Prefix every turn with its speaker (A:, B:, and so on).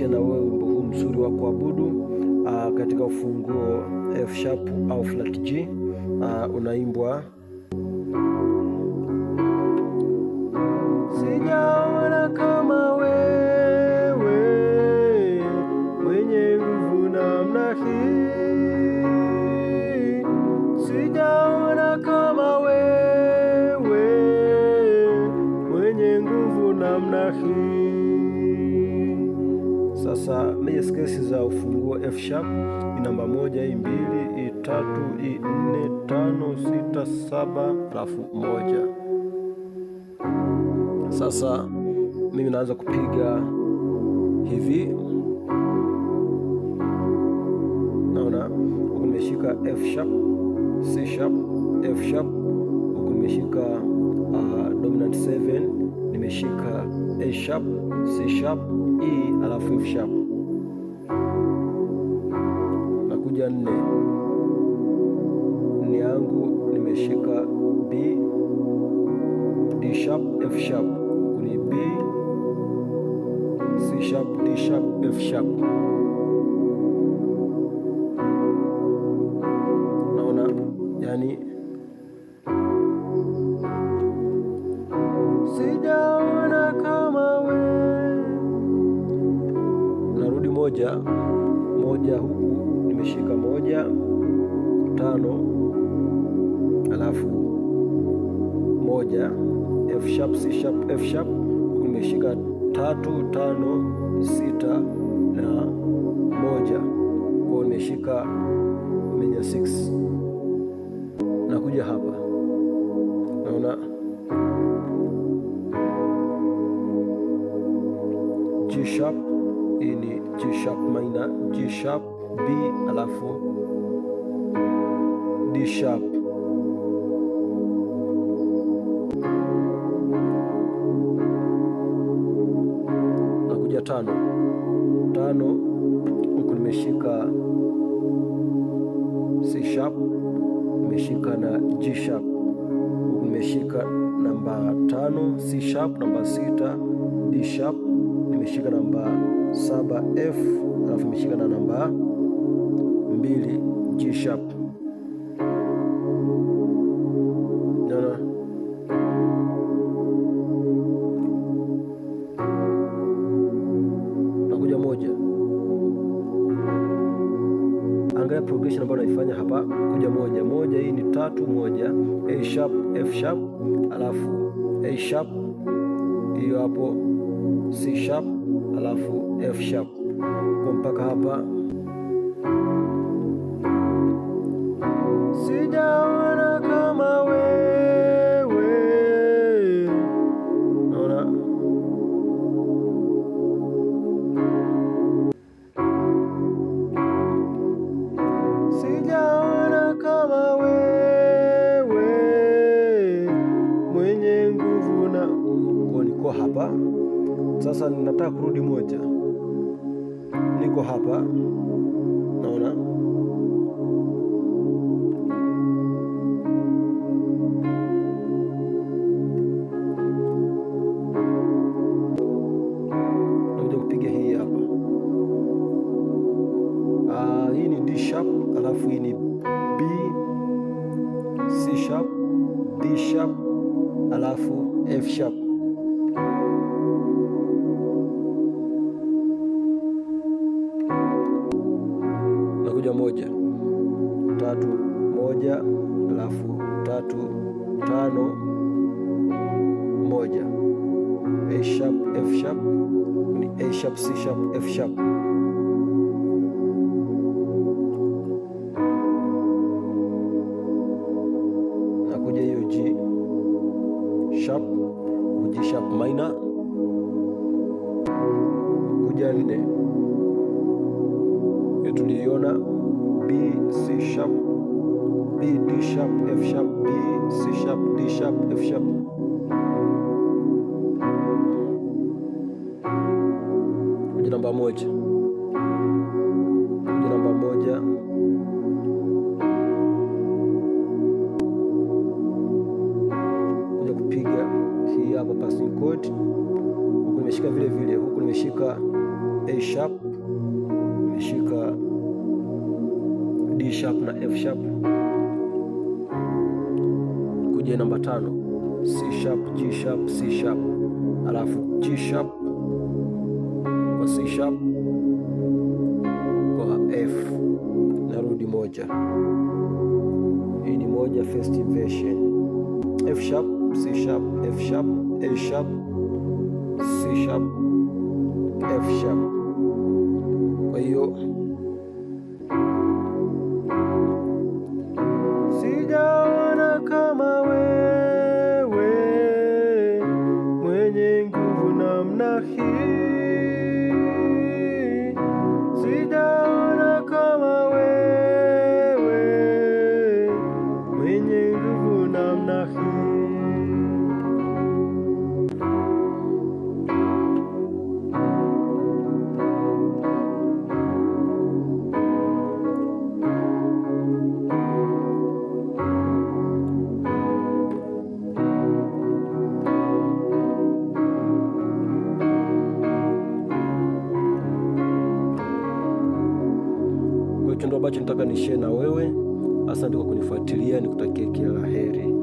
A: nikukaribishe na wewe wimbo huu mzuri wa kuabudu ah, katika ufunguo F sharp au flat G ah, unaimbwa nguvu namna hii sasa major scales za ufunguo F sharp ni namba moja, hii mbili, hii tatu, hii nne, tano, sita, saba alafu moja. Sasa mimi naanza kupiga hivi, naona huku nimeshika F sharp, C sharp, F sharp, huku nimeshika uh, dominant 7 nimeshika A sharp, C sharp, E alafu F sharp, nakuja nne nne yangu nimeshika B, D sharp, F sharp, ni B, C sharp, D sharp, F sharp. Naona yani moja huku nimeshika moja tano, alafu moja F sharp, C sharp, F sharp huku nimeshika tatu tano sita na moja kwa nimeshika meja 6 nakuja hapa, naona G sharp hii ni G sharp minor, G sharp B, alafu D sharp. Nakuja tano tano, huku nimeshika C sharp, nimeshika na G sharp, huku nimeshika namba tano, C sharp namba sita, D sharp imeshika namba saba f alafu imeshika na namba 2 G sharp. nakuja moja, angalia progression ambayo naifanya hapa, kuja moja moja. Hii ni tatu moja, A sharp F sharp alafu A sharp hiyo hapo C sharp alafu F sharp kwa mpaka hapa. sasa ninataka kurudi moja, niko hapa, naona nakuja kupiga hii hapa. Uh, hii ni D sharp, alafu hii ni B, C sharp, D sharp, alafu F sharp. moja tatu moja alafu tatu tano moja A sharp F sharp ni A sharp C sharp F sharp. Nakuja hiyo G sharp G sharp minor kuja nne hiyo tuliiona B C sharp B D sharp F sharp B C sharp D sharp F sharp. Kuja namba moja, kuja namba moja kuja kupiga hii hapa passing chord, huku nimeshika vile vile, huku nimeshika A sharp shika D sharp na F sharp, kuja namba tano C sharp, G sharp, C sharp, alafu G sharp kwa C sharp kwa F, narudi moja. Hii ni moja first inversion, F sharp, C sharp, F sharp, A sharp, C sharp, F sharp kwa hiyo sijaona kama wewe mwenye nguvu namna hii, sijaona kama wewe mwenye nguvu namna hii. ambacho nataka nishare na wewe. Asante kwa kunifuatilia, nikutakie kila la heri.